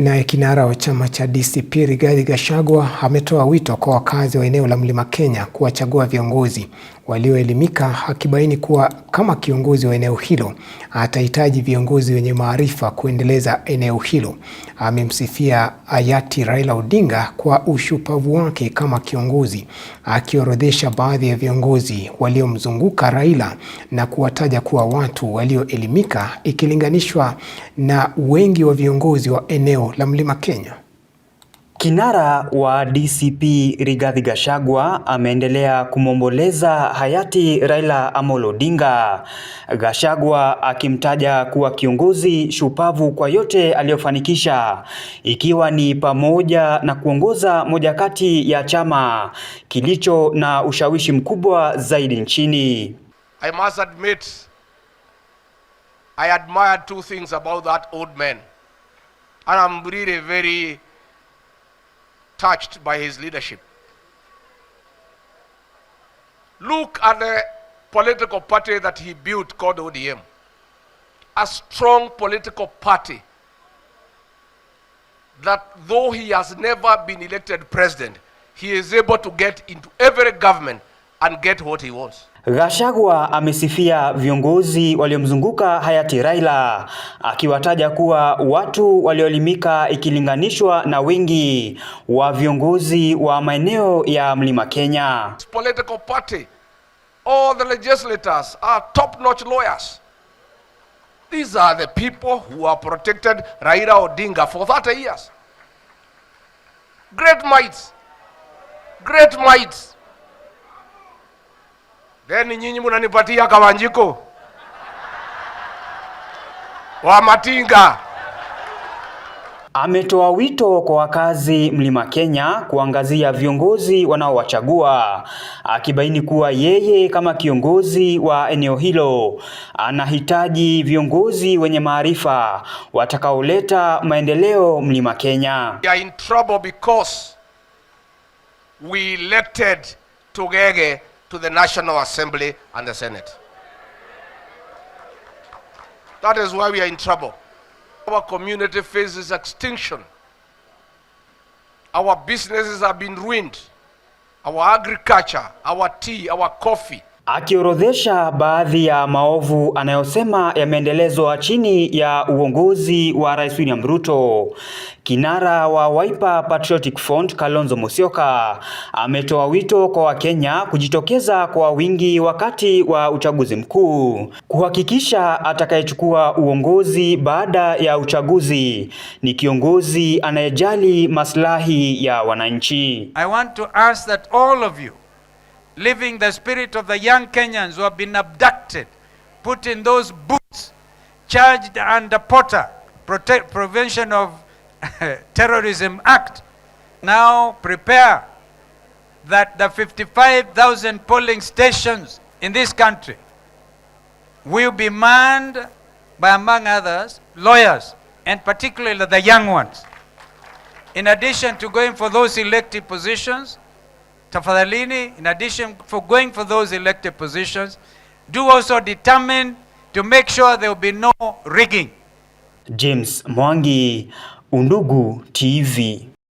Naye kinara wa chama cha DCP Rigathi Gachagua ametoa wito kwa wakazi wa eneo la Mlima Kenya kuwachagua viongozi walioelimika, akibaini kuwa kama kiongozi wa eneo hilo atahitaji viongozi wenye maarifa kuendeleza eneo hilo. Amemsifia hayati Raila Odinga kwa ushupavu wake kama kiongozi, akiorodhesha baadhi ya viongozi waliomzunguka Raila na kuwataja kuwa watu walioelimika ikilinganishwa na wengi wa viongozi wa eneo la Mlima Kenya. Kinara wa DCP Rigathi Gachagua ameendelea kumwomboleza hayati Raila Amolo Odinga. Gachagua akimtaja kuwa kiongozi shupavu kwa yote aliyofanikisha ikiwa ni pamoja na kuongoza moja kati ya chama kilicho na ushawishi mkubwa zaidi nchini. I must admit, I admire two things about that old man. And I'm really very touched by his leadership. Look at the political party that he built called ODM. A strong political party that though he has never been elected president, he is able to get into every government and get what he wants. Gachagua amesifia viongozi waliomzunguka hayati Raila akiwataja kuwa watu walioelimika ikilinganishwa na wingi wa viongozi wa maeneo ya Mlima Kenya. Political party. All the legislators are top-notch lawyers. These are the people who have protected Raila Odinga for 30 years. Great minds. Great minds. Leni nyinyi munanipatia Kawanjiko wa Matinga. Ametoa wito kwa wakazi Mlima Kenya kuangazia viongozi wanaowachagua, akibaini kuwa yeye kama kiongozi wa eneo hilo anahitaji viongozi wenye maarifa watakaoleta maendeleo Mlima Kenya. We are in trouble because we elected Tugege to the National Assembly and the Senate. That is why we are in trouble. Our community faces extinction. Our businesses have been ruined. Our agriculture, our tea, our coffee, akiorodhesha baadhi ya maovu anayosema yameendelezwa chini ya uongozi wa Rais William Ruto. Kinara wa Wiper Patriotic Front Kalonzo Musyoka ametoa wito kwa Wakenya kujitokeza kwa wingi wakati wa uchaguzi mkuu kuhakikisha atakayechukua uongozi baada ya uchaguzi ni kiongozi anayejali maslahi ya wananchi. I want to ask that all of you living the spirit of the young Kenyans who have been abducted, put in those boots, charged under Potter, Prote Prevention of Terrorism Act. Now prepare that the 55,000 polling stations in this country will be manned by, among others, lawyers, and particularly the young ones. In addition to going for those elected positions, tafadhalini, in addition for going for those elected positions, do also determine to make sure there will be no rigging. James Mwangi, Undugu TV.